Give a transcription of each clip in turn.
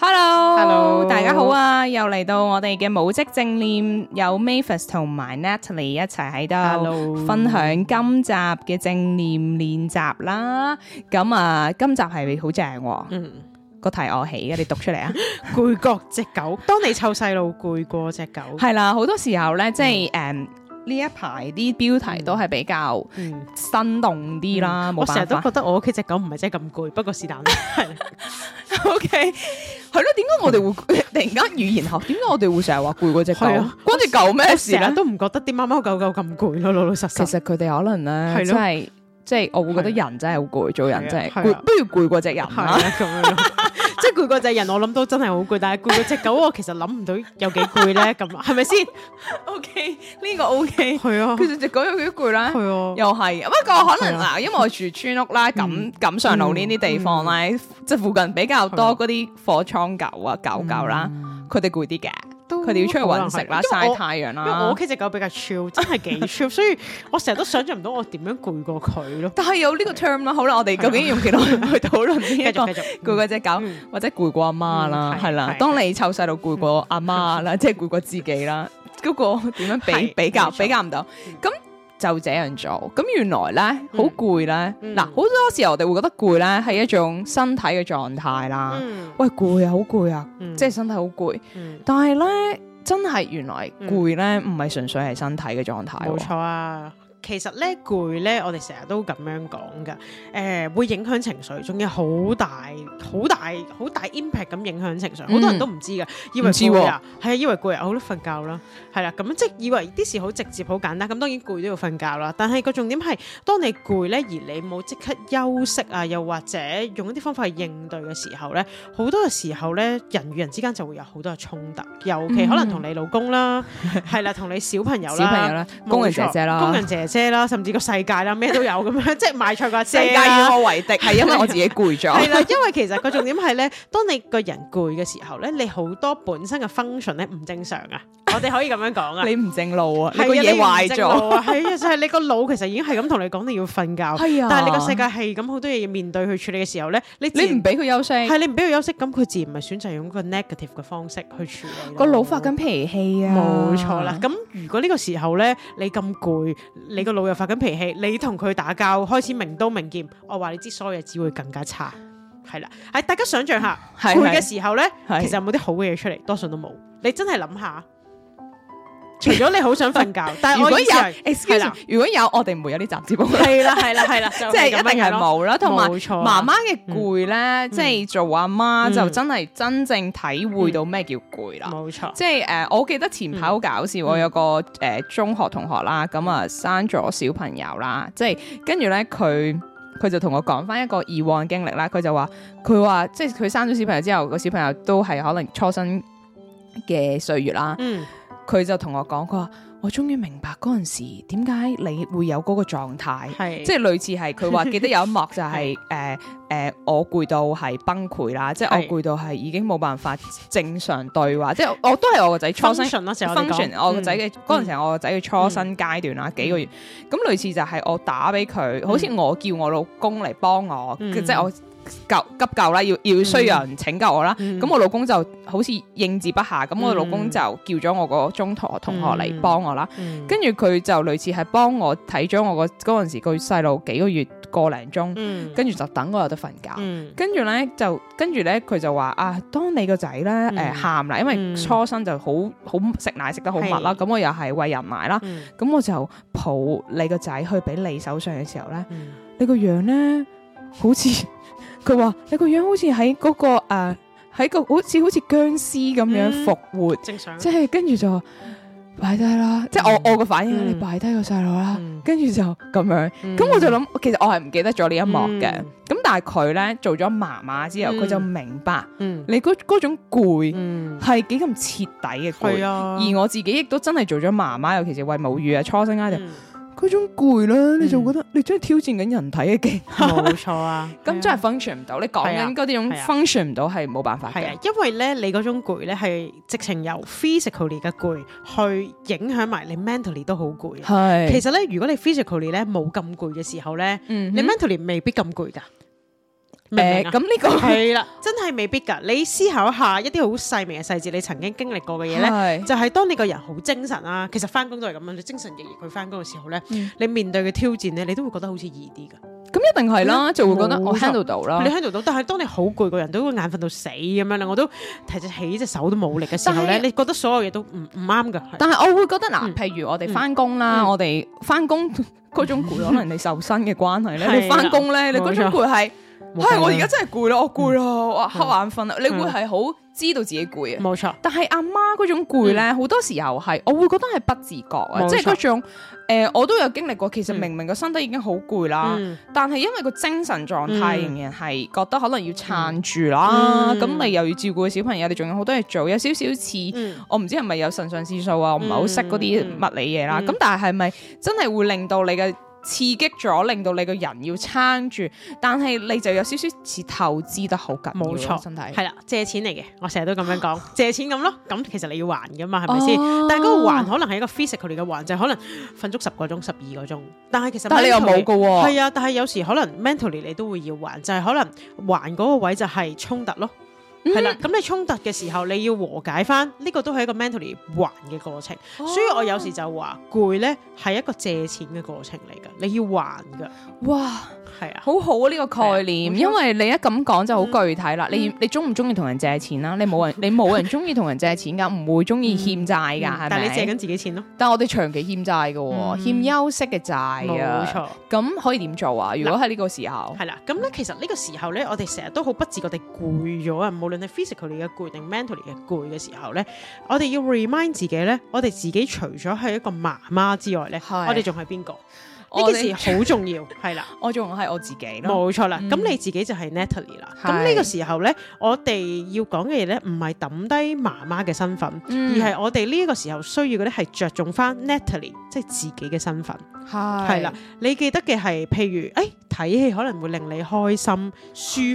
Hello，, Hello. 大家好啊！又嚟到我哋嘅母職正念，有 Mavis 同埋 Natalie 一齊喺度分享今集嘅正念練習啦。咁啊 Hello.、嗯，今集係好正，個、嗯、題我起嘅，你讀出嚟啊！攰過隻狗，當你湊細路，攰過隻狗。係啦，好多時候咧，即係誒。嗯呢一排啲標題都係比較生動啲啦，冇辦法。我成日都覺得我屋企隻狗唔係真係咁攰，不過是但。係，OK，係咯，點解我哋會突然間語言學？點解我哋會成日話攰過隻狗？關隻狗咩事咧？都唔覺得啲貓貓狗狗咁攰咯，老老實實。其實佢哋可能咧，即係即係，我會覺得人真係好攰，做人真係攰，不如攰過隻人。咁樣。即係攰過隻人，我諗到真係好攰，但係攰過隻狗，我其實諗唔到有幾攰咧咁，係咪先？OK，呢個 OK，係 啊。其實隻狗有幾攰啦，係 啊，又係。不過可能嗱，啊、因為我住村屋啦，錦錦上路呢啲地方咧，即係、 嗯、附近比較多嗰啲貨倉狗 啊，狗狗啦，佢哋攰啲嘅。佢哋要出去搵食啦，曬太陽啦。因為我屋企隻狗比較 chill，真係幾 chill，所以我成日都想象唔到我點樣攰過佢咯。但係有呢個 term 啦，好啦，我哋究竟用幾耐去討論呢一個攰過隻狗，或者攰過阿媽啦，係啦。當你湊細路攰過阿媽啦，即係攰過自己啦，嗰個點樣比比較比較唔到咁。就這樣做，咁原來咧好攰咧，嗱、嗯、好多時候我哋會覺得攰咧係一種身體嘅狀態啦。嗯、喂，攰啊，好攰啊，即係身體好攰。嗯、但係咧真係原來攰咧唔係純粹係身體嘅狀態。冇錯啊。其實咧攰咧，我哋成日都咁樣講噶，誒、呃、會影響情緒，仲有好大好大好大 impact 咁影響情緒，好、嗯、多人都唔知噶，以為攰啊，係啊，以為攰啊，好啦，瞓覺啦，係啦，咁即以為啲事好直接、好簡單，咁當然攰都要瞓覺啦。但係個重點係，當你攰咧，而你冇即刻休息啊，又或者用一啲方法去應對嘅時候咧，好多嘅時候咧，人與人之間就會有好多嘅衝突，尤其可能同你老公啦，係啦、嗯， 同你小朋友啦，小朋友啦，工人姐姐啦，工人姐姐姐。咩啦，甚至個世界啦，咩都有咁樣，即係買錯架車啦。世界以我為敵，係因為我自己攰咗。係啦，因為其實個重點係咧，當你個人攰嘅時候咧，你好多本身嘅 function 咧唔正常啊。我哋可以咁樣講啊。你唔正路啊，你個嘢壞咗啊，係啊，就係你個腦其實已經係咁同你講你要瞓覺。係啊。但係你個世界係咁好多嘢要面對去處理嘅時候咧，你你唔俾佢休息，係你唔俾佢休息，咁佢自然唔係選擇用個 negative 嘅方式去處理。個腦發緊脾氣啊。冇錯啦。咁如果呢個時候咧，你咁攰。你個腦又發緊脾氣，你同佢打交，開始明刀明劍，我話你知，所有嘢只會更加差，係啦，係大家想象下， 的會嘅時候咧，的其實有冇啲好嘅嘢出嚟？多數都冇，你真係諗下。除咗你好想瞓覺， 但係 如果有 excuse， 如果有我哋唔會有呢集節目。係啦，係啦、啊，係啦，即係一定係冇啦。同埋媽媽嘅攰咧，嗯、即係做阿媽，媽就真係真正體會到咩叫攰啦。冇、嗯嗯、錯，即係誒、呃，我記得前排好搞笑，嗯、我有個誒、呃、中學同學啦，咁、嗯、啊生咗小朋友啦，即係跟住咧佢佢就同我講返一個以往經歷啦。佢就話佢話即係佢生咗小朋友之後，個小朋友都係可能初生嘅歲月啦。嗯。佢就同我講，佢話：我終於明白嗰陣時點解你會有嗰個狀態，即係是類似係佢話記得有一幕就係誒誒，我攰到係崩潰啦，是即係我攰到係已經冇辦法正常對話， 即係我都係我個仔初生咯，即係我講，Function, 我個仔嘅嗰陣時，我個仔嘅初生階段啦，嗯、幾個月，咁類似就係我打俾佢，好似我叫我老公嚟幫我，嗯、即係我。救急救啦，要要需要人拯救我啦。咁我老公就好似應接不下，咁我老公就叫咗我個中途同學嚟幫我啦。跟住佢就類似係幫我睇咗我個嗰陣時個細路幾個月個零鐘，跟住就等我有得瞓覺。跟住咧就跟住咧，佢就話啊，當你個仔咧誒喊啦，因為初生就好好食奶食得好密啦，咁我又係喂人奶啦，咁我就抱你個仔去俾你手上嘅時候咧，你個樣咧好似。佢話你個樣好似喺嗰個誒，喺個好似好似僵屍咁樣復活，即係跟住就擺低啦。即係我我個反應係你擺低個細路啦，跟住就咁樣。咁我就諗，其實我係唔記得咗呢一幕嘅。咁但係佢咧做咗媽媽之後，佢就明白，你嗰嗰種攰係幾咁徹底嘅攰。而我自己亦都真係做咗媽媽，尤其是餵母乳啊，初生階段。嗰種攰咧，嗯、你就覺得你真係挑戰緊人體嘅勁，冇錯啊！咁真係 function 唔到，啊、你講緊嗰啲種 function 唔到係冇辦法嘅、啊，因為咧你嗰種攰咧係直情由 physically 嘅攰去影響埋你 mentally 都好攰。係是，其實咧如果你 physically 咧冇咁攰嘅時候咧，嗯、哼你 mentally 未必咁攰噶。咁呢個係啦，真係未必噶。你思考下一啲好細微嘅細節，你曾經經歷過嘅嘢咧，就係當你個人好精神啊，其實翻工都係咁樣，你精神奕奕去翻工嘅時候咧，你面對嘅挑戰咧，你都會覺得好似易啲噶。咁一定係啦，就會覺得我 handle 到啦。你 handle 到，但係當你好攰，個人都會眼瞓到死咁樣啦。我都提只起隻手都冇力嘅時候咧，你覺得所有嘢都唔唔啱噶。但係我會覺得嗱，譬如我哋翻工啦，我哋翻工嗰種攰，可能你受薪嘅關係咧，你翻工咧，你嗰種攰係。係我而家真係攰啦，我攰啦，我瞌眼瞓啦。你會係好知道自己攰啊？冇錯。但係阿媽嗰種攰咧，好多時候係我會覺得係不自覺啊，即係嗰種誒，我都有經歷過。其實明明個身體已經好攰啦，但係因為個精神狀態仍然係覺得可能要撐住啦。咁咪又要照顧個小朋友，你仲有好多嘢做，有少少似我唔知係咪有腎上腺素啊？我唔係好識嗰啲物理嘢啦。咁但係係咪真係會令到你嘅？刺激咗，令到你個人要撐住，但係你就有少少似投資得好緊，冇錯錯，身體係啦，借錢嚟嘅，我成日都咁樣講， 借錢咁咯，咁其實你要還㗎嘛，係咪先？但係嗰個還可能係一個 physical 嚟嘅還，就係，可能瞓足十個鐘、十二個鐘，但係其實 mentally，但係你又冇㗎，啊，係啊，但係有時可能 mentally 你都會要還，就係、係，可能還嗰個位就係衝突咯。係啦，咁你衝突嘅時候，你要和解翻，呢、這個都係一個 mentally 還嘅過程。哦、所以，我有時就話，攰咧係一個借錢嘅過程嚟噶，你要還噶。哇！係啊，好好啊呢個概念，因為你一咁講就好具體啦。你你中唔中意同人借錢啦？你冇人，你冇人中意同人借錢噶，唔會中意欠債噶，係咪？但係你借緊自己錢咯。但係我哋長期欠債噶，欠休息嘅債啊。冇錯。咁可以點做啊？如果喺呢個時候。係啦。咁咧，其實呢個時候咧，我哋成日都好不自覺地攰咗啊。無論係 physically 嘅攰定 mentally 嘅攰嘅時候咧，我哋要 remind 自己咧，我哋自己除咗係一個媽媽之外咧，我哋仲係邊個？呢件事好重要，係啦，我仲嘅係我自己咯，冇錯啦。咁你自己就係 Natalie 啦。咁呢是個時候呢，我哋要講嘅嘢呢，唔係抌低媽媽嘅身份，嗯、而係我哋呢個時候需要嘅呢，係着重翻 Natalie，即係自己嘅身份，係係是啦。你記得嘅係，譬如誒，睇、哎、戲可能會令你開心、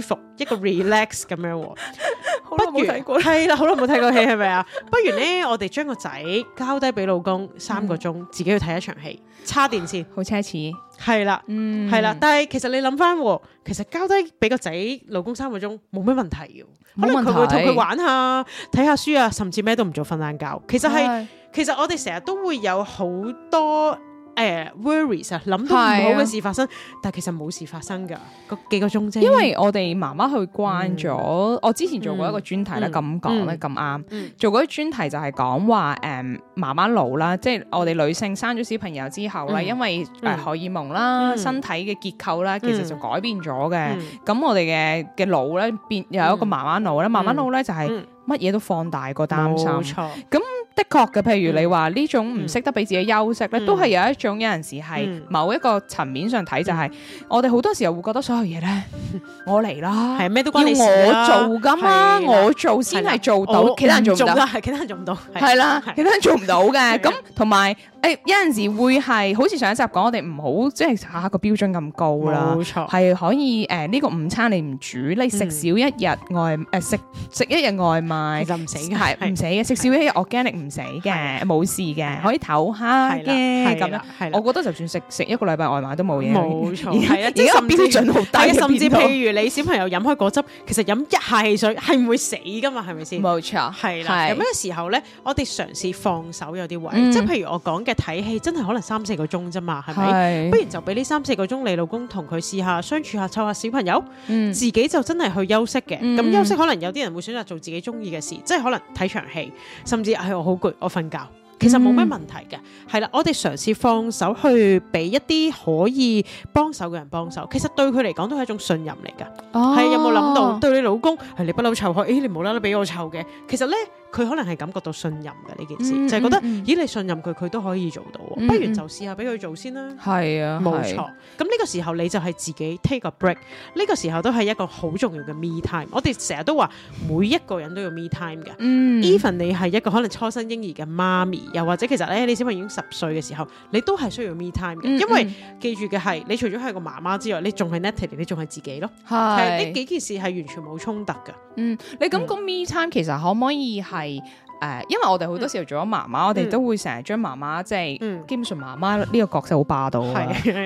舒服，哇一個 relax 咁樣。 過不如係啦，好耐冇睇過戲係咪啊？不如咧，我哋將個仔交低俾老公三個鐘， 自己去睇一場戲，叉電先，好 奢侈。係啦，係啦，但係其實你諗翻，其實交低俾個仔老公三個鐘冇咩問題嘅，可能佢會同佢玩下，睇下書啊，甚至咩都唔做，瞓晏覺。其實係，的其實我哋成日都會有好多。誒 worries 啊，諗到唔好嘅事發生，但係其實冇事發生噶個幾個鐘啫。因為我哋媽媽去慣咗，我之前做過一個專題咧，咁講咧咁啱，做嗰啲專題就係講話，誒，媽媽老啦，即係我哋女性生咗小朋友之後咧，因為荷爾蒙啦，身體嘅結構咧，其實就改變咗嘅。咁我哋嘅嘅腦咧變又有一個媽媽腦咧，媽媽腦咧就係乜嘢都放大個擔心，冇錯，咁。的確嘅，譬如你話呢、嗯、種唔識得俾自己休息咧，嗯、都係有一種有陣時係某一個層面上睇就係、是，嗯、我哋好多時候會覺得所有嘢咧， 我嚟啦，係咩都關你事啦，我做噶嘛，的我做先係做到其做，其他人做唔到，係的的其他人做唔到，係啦， 其他人做唔到嘅，咁同埋。誒有陣時會係好似上一集講，我哋唔好即係下個標準咁高啦，冇錯，係可以誒呢個午餐你唔煮，你食少一日外誒食食一日外賣，其實唔死嘅，係唔死嘅，食少一日 organic 唔死嘅，冇事嘅，可以唞下嘅，係咁我覺得就算食食一個禮拜外賣都冇嘢，冇錯，係啦，即係個標準好低，甚至譬如你小朋友飲開果汁，其實飲一下汽水係唔會死㗎嘛，係咪先？冇錯，係啦，咁嘅時候咧，我哋嘗試放手有啲位，即係譬如我講嘅。睇戲真係可能三四個鐘啫嘛，係咪？不如就俾呢三四個鐘你老公同佢試下相處下湊下小朋友，嗯，自己就真係去休息嘅。咁休息可能有啲人會選擇做自己中意嘅事，即係可能睇場戲，甚至係我好攰，我瞓覺，其實冇咩問題嘅。係啦，我哋嘗試放手去俾一啲可以幫手嘅人幫手，其實對佢嚟講都係一種信任嚟噶。係，有冇諗到？對你老公係你不嬲湊開，誒，你無啦啦俾我湊嘅，其實呢。佢可能係感覺到信任嘅呢件事，就係覺得，咦？你信任佢，佢都可以做到，不如就試下俾佢做先啦。係啊，冇錯。咁呢個時候你就係自己 take a break，呢個時候都係一個好重要嘅 me time。我哋成日都話每一個人都要 me time 嘅。Even 你係一個可能初生嬰兒嘅媽咪，又或者其實咧，你小朋友已經十歲嘅時候，你都係需要 me time 嘅。因為記住嘅係，你除咗係個媽媽之外，你仲係 Natalie，你仲係自己咯。係。呢幾件事係完全冇衝突嘅。你咁講 me time 其實可唔可以係？係誒，因為我哋好多時候做咗媽媽，我哋都會成日將媽媽即係，基本上媽媽呢個角色好霸道，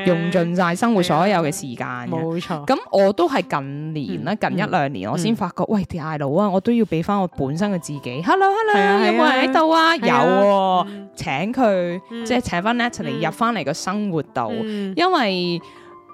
用盡晒生活所有嘅時間。冇錯，咁我都係近年啦，近一兩年我先發覺，喂大佬啊，我都要俾翻我本身嘅自己，Hello Hello，有冇喺度啊？有，請佢即係請翻 Natalie 入翻嚟個生活度，因為。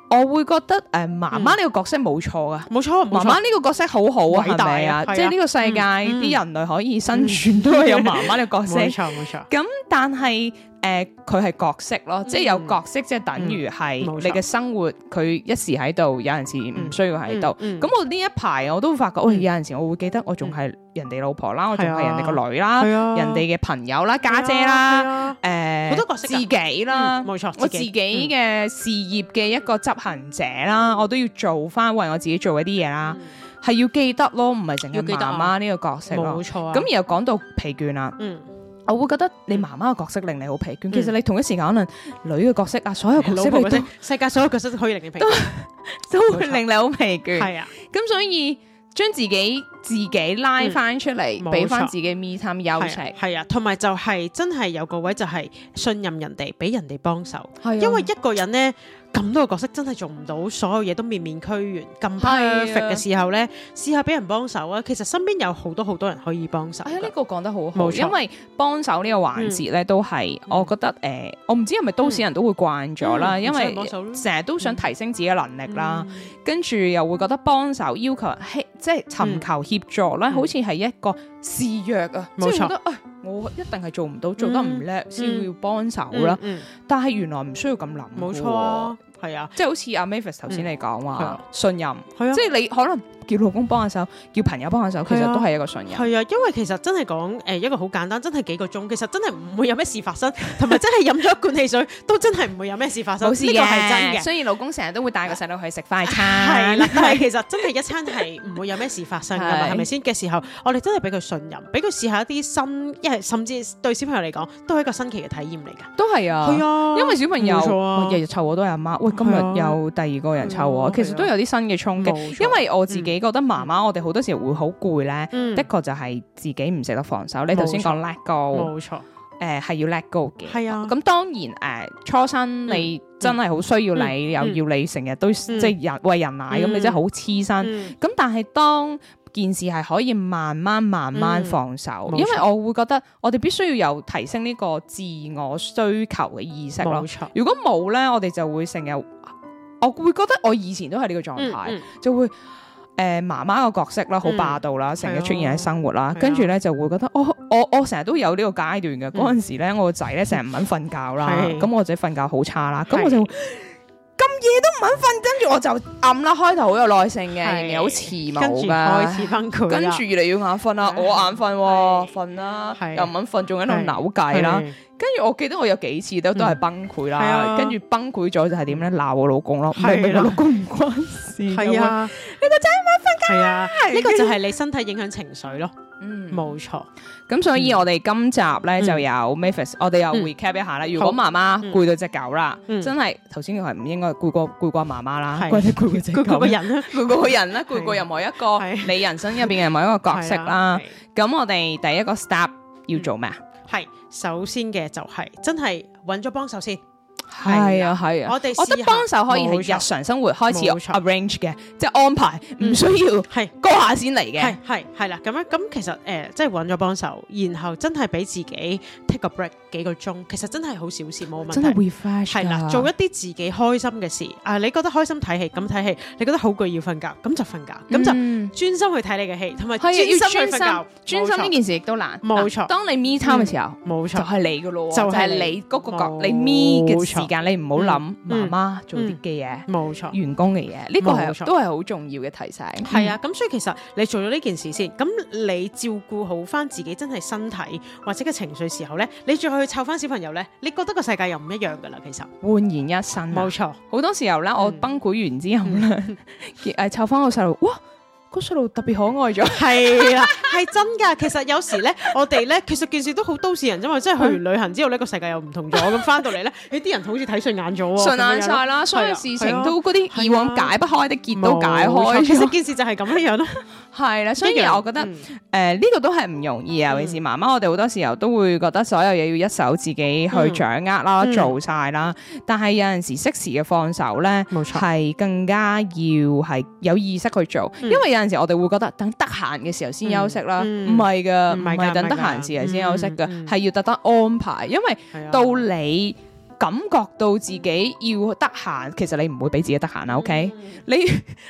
我會覺得誒，媽媽呢個角色冇錯㗎，冇錯，媽媽呢個角色好好啊，係咪大啊？即係呢個世界啲、嗯、人類可以生存都係有媽媽嘅角色，冇錯冇錯。咁 但係。誒佢係角色咯，即係有角色，即係等於係你嘅生活。佢一時喺度，有陣時唔需要喺度。咁我呢一排我都會發覺，我有陣時我會記得我仲係人哋老婆啦，我仲係人哋個女啦，人哋嘅朋友啦、家姐啦，誒好多角色自己啦，冇錯，我自己嘅事業嘅一個執行者啦，我都要做翻為我自己做一啲嘢啦，係要記得咯，唔係成日記得媽媽呢個角色，冇錯。咁然後講到疲倦啦，我會覺得你媽媽嘅角色令你好疲倦，嗯、其實你同一時間可能女嘅角色啊，所有角色我都世界所有角色都可以令你疲倦，都， 都會令你好疲倦。係啊冇錯，咁所以將自己自己拉翻出嚟，俾翻，嗯、自己 me time 休息。係啊，同埋，啊、就係、是、真係有個位就係信任人哋，俾人哋幫手。係、啊，因為一個人咧。咁多個角色真係做唔到，所有嘢都面面俱圓。咁 perfect 嘅時候呢，試下俾人幫手啊！其實身邊有好多好多人可以幫手。哎，呢個講得好好，因為幫手呢個環節呢，都係我覺得誒，我唔知係咪都市人都會慣咗啦，因為成日都想提升自己嘅能力啦，跟住又會覺得幫手要求，即係尋求協助咧，好似係一個示弱啊，冇錯我一定係做唔到，嗯、做得唔叻先會要幫手啦。嗯嗯、但係原來唔需要咁諗。冇錯、啊。係啊，即係好似阿 Mavis 頭先你講話信任，即係你可能叫老公幫下手，叫朋友幫下手，其實都係一個信任。係啊，因為其實真係講誒一個好簡單，真係幾個鐘，其實真係唔會有咩事發生，同埋真係飲咗一罐汽水都真係唔會有咩事發生。冇事嘅，係真嘅。雖然老公成日都會帶個細路去食快餐，係啦，但係其實真係一餐係唔會有咩事發生噶嘛，係咪先？嘅時候我哋真係俾佢信任，俾佢試下一啲新，一係甚至對小朋友嚟講都係一個新奇嘅體驗嚟噶，都係啊，係啊，因為小朋友日日湊我都係阿媽今日有第二個人湊我，其實都有啲新嘅衝擊，因為我自己覺得媽媽，我哋好多時會好攰咧。的確就係自己唔識得唔捨得防守。你頭先講 let go，冇錯，誒係要 let go 嘅。係啊。咁當然誒，初生你真係好需要你，又要你成日都即係人餵人奶咁，你真係好黐身。咁但係當件事係可以慢慢慢慢放手，嗯、因為我會覺得我哋必須要有提升呢個自我需求嘅意識咯。錯如果冇呢，我哋就會成日，我會覺得我以前都係呢個狀態，嗯嗯、就會誒、呃、媽媽嘅角色啦，好霸道啦，成日、嗯、出現喺生活啦，跟住、嗯嗯、呢，就會覺得，哦，我我成日都有呢個階段嘅嗰陣時呢，我個仔呢，成日唔肯瞓覺啦，咁我仔瞓覺好差啦，咁我就。是 夜都唔肯瞓，跟住我就暗啦。開頭好有耐性嘅，好遲謀噶，開始崩潰啦。跟住跟住越嚟越眼瞓啦，我眼瞓，瞓啦，又唔肯瞓，仲喺度扭計啦。跟住我記得我有幾次都都係崩潰啦，跟住崩潰咗就係點咧？鬧我老公咯，唔係，老公唔關事，係啊，你個仔唔肯瞓覺，呢個就係你身體影響情緒咯。嗯，冇錯。咁所以，我哋今集咧，就有 Mavis，我哋又 Recap 一下啦。如果媽媽攰到隻狗啦，真係頭先佢係唔應該攰過攰過媽媽啦，攰到攰到隻狗。佢個人咧，佢個人咧，攰過任何一個你人生入邊嘅某一個角色啦。咁我哋第一個 step 要做咩啊？係，首先嘅就係真係揾咗幫手先。係啊，係啊，我覺得幫手可以係日常生活開始 arrange 嘅，即係安排，唔需要係高下先嚟嘅，係係啦。咁樣咁其實誒，即係揾咗幫手，然後真係俾自己 take a break 幾個鐘，其實真係好小事冇問題，真係 refresh，係啦，做一啲自己開心嘅事。啊，你覺得開心睇戲咁睇戲，你覺得好攰要瞓覺咁就瞓覺，咁就專心去睇你嘅戲，同埋專心去瞓覺，專心呢件事亦都難。冇錯，當你 me time 嘅時候，冇錯就係你噶咯，就係你嗰個角，你 me 嘅。時間你唔好諗媽媽做啲嘅嘢，冇錯、嗯，嗯、錯員工嘅嘢，呢、這個係錯都係好重要嘅提醒。係、嗯、啊，咁所以其實你做咗呢件事先，咁你照顧好翻自己真係身體或者個情緒時候咧，你再去湊翻小朋友咧，你覺得個世界又唔一樣噶啦，其實煥然一新、啊。冇錯錯，好多時候咧，我崩潰完之後咧，誒湊翻個細路，哇！嗰條路特別可愛咗，係啊，係真㗎。其實有時咧，我哋咧，其實件事都好都市人，咋嘛，即係去完旅行之後咧，個世界又唔同咗。咁翻到嚟咧，誒啲人好似睇順眼咗，順眼曬啦。所有事情都嗰啲以往解不開的結都解開。其實件事就係咁樣樣咯。係啦，所以我覺得誒呢個都係唔容易啊。尤其是媽媽，我哋好多時候都會覺得所有嘢要一手自己去掌握啦，做曬啦。但係有陣時適時嘅放手咧，冇錯，係更加要係有意識去做，因為有。有陣時我哋會覺得等得閒嘅時候先休息啦，唔係噶，唔係等得閒嘅時候先休息嘅，係要特登安排。因為到你感覺到自己要得閒，其實你唔會俾自己得閒啊，OK？你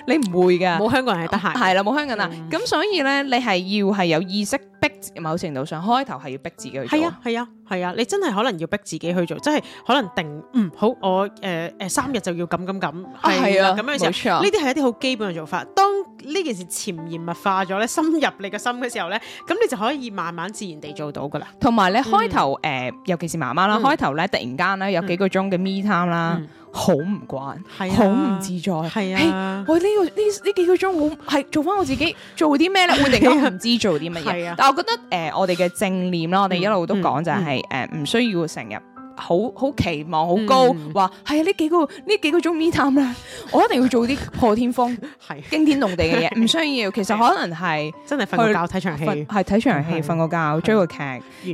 你唔會噶，冇香港人係得閒，係啦，冇香港人啦。咁所以咧，你係要係有意識逼，某程度上開頭係要逼自己去做，係啊，係啊，係啊。你真係可能要逼自己去做，即係可能定嗯好，我誒誒三日就要咁咁咁啊，係啊，咁樣嘅時候，呢啲係一啲好基本嘅做法。當呢件事潛移默化咗咧，深入你嘅心嘅時候咧，咁你就可以慢慢自然地做到噶啦。同埋咧，開頭誒，尤其是媽媽啦，開頭咧，突然間咧有幾個鐘嘅 me time 啦，好唔慣，係好唔自在，係啊，我呢個呢呢幾個鐘好係做翻我自己，做啲咩咧？我突然間唔知做啲乜嘢。但係我覺得誒，我哋嘅正念啦，我哋一路都講就係誒，唔需要成日。好好期望好高，話係啊呢幾個呢幾個鐘 me time 啦，我一定要做啲破天荒，係驚天動地嘅嘢。唔需要，其實可能係真係瞓個覺，睇場戲，係睇場戲，瞓個覺，追個劇。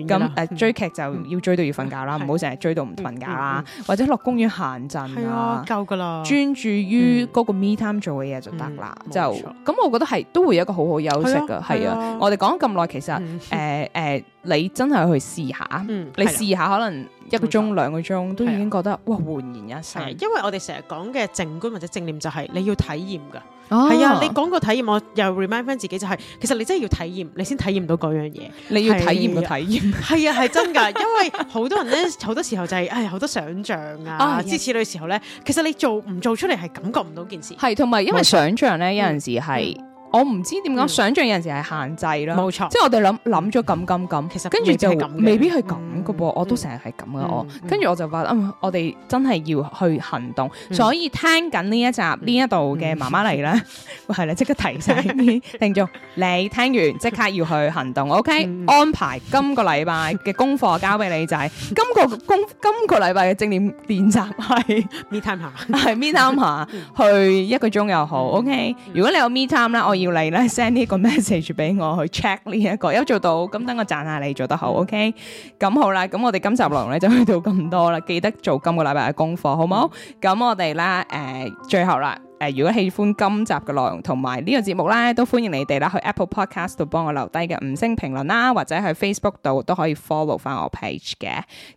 咁誒追劇就要追到要瞓覺啦，唔好成日追到唔瞓覺啦。或者落公園行陣啊，夠噶啦，專注於嗰個 me time 做嘅嘢就得啦。就咁，我覺得係都會有一個好好休息噶。係啊，我哋講咗咁耐，其實誒誒。你真係去試下，你試下可能一個鐘兩個鐘，都已經覺得哇，煥然一新。因為我哋成日講嘅靜觀或者正念，就係你要體驗㗎。係啊，你講個體驗，我又 remind 翻自己，就係其實你真係要體驗，你先體驗到嗰樣嘢。你要體驗嘅體驗。係啊，係真㗎，因為好多人咧，好多時候就係唉，好多想像啊，諸如此類時候咧，其實你做唔做出嚟係感覺唔到件事。係，同埋因為想像咧，有陣時係。我唔知點解，想象有陣時係限制啦，冇錯，即係我哋諗諗咗咁咁咁，其實跟住就未必係咁嘅噃，我都成日係咁嘅我。跟住我就話啊，我哋真係要去行動。所以聽緊呢一集呢一度嘅媽媽嚟啦，係啦，即刻提醒啲聽眾，你聽完即刻要去行動。OK，安排今個禮拜嘅功課交俾你就係，今個功今個禮拜嘅正念練習係 me time 下，me time 下，去一個鐘又好。OK，如果你有 me time 咧，我。要嚟咧，send 呢個 message 俾我去 check 呢一個，有做到咁，等我讚下你做得好，OK？咁好啦，咁我哋今集內容咧就去到咁多啦，記得做今個禮拜嘅功課好冇？咁我哋啦，誒，最後啦，誒，如果喜歡今集嘅內容同埋呢個節目咧，都歡迎你哋啦去 Apple Podcast 度幫我留低嘅五星評論啦，或者喺 Facebook 度都可以 follow 翻我 page 嘅。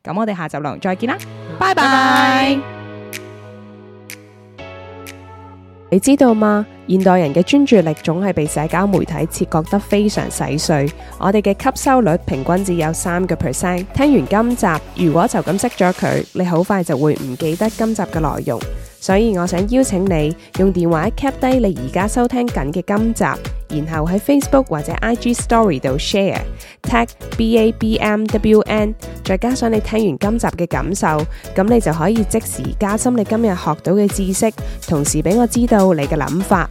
咁我哋下集內容再見啦，拜拜。你知道嗎？.現代人嘅專注力總係被社交媒體切割得非常細碎，我哋嘅吸收率平均只有三個 percent。聽完今集，如果就咁熄咗佢，你好快就會唔記得今集嘅內容。所以我想邀請你用電話 cap 低你而家收聽緊嘅今集，然後喺 Facebook 或者 IG Story 度 share, tag B A B M W N，再加上你聽完今集嘅感受，咁你就可以即時加深你今日學到嘅知識，同時俾我知道你嘅諗法。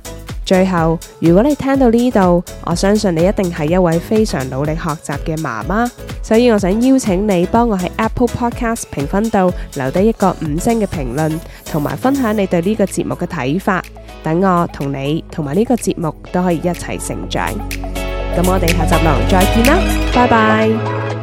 最後，如果你聽到呢度，我相信你一定係一位非常努力學習嘅媽媽，所以我想邀請你幫我喺 Apple Podcast 評分度留低一個五星嘅評論，同埋分享你對呢個節目嘅睇法，等我同你同埋呢個節目都可以一齊成長。咁我哋下集再見啦，拜拜。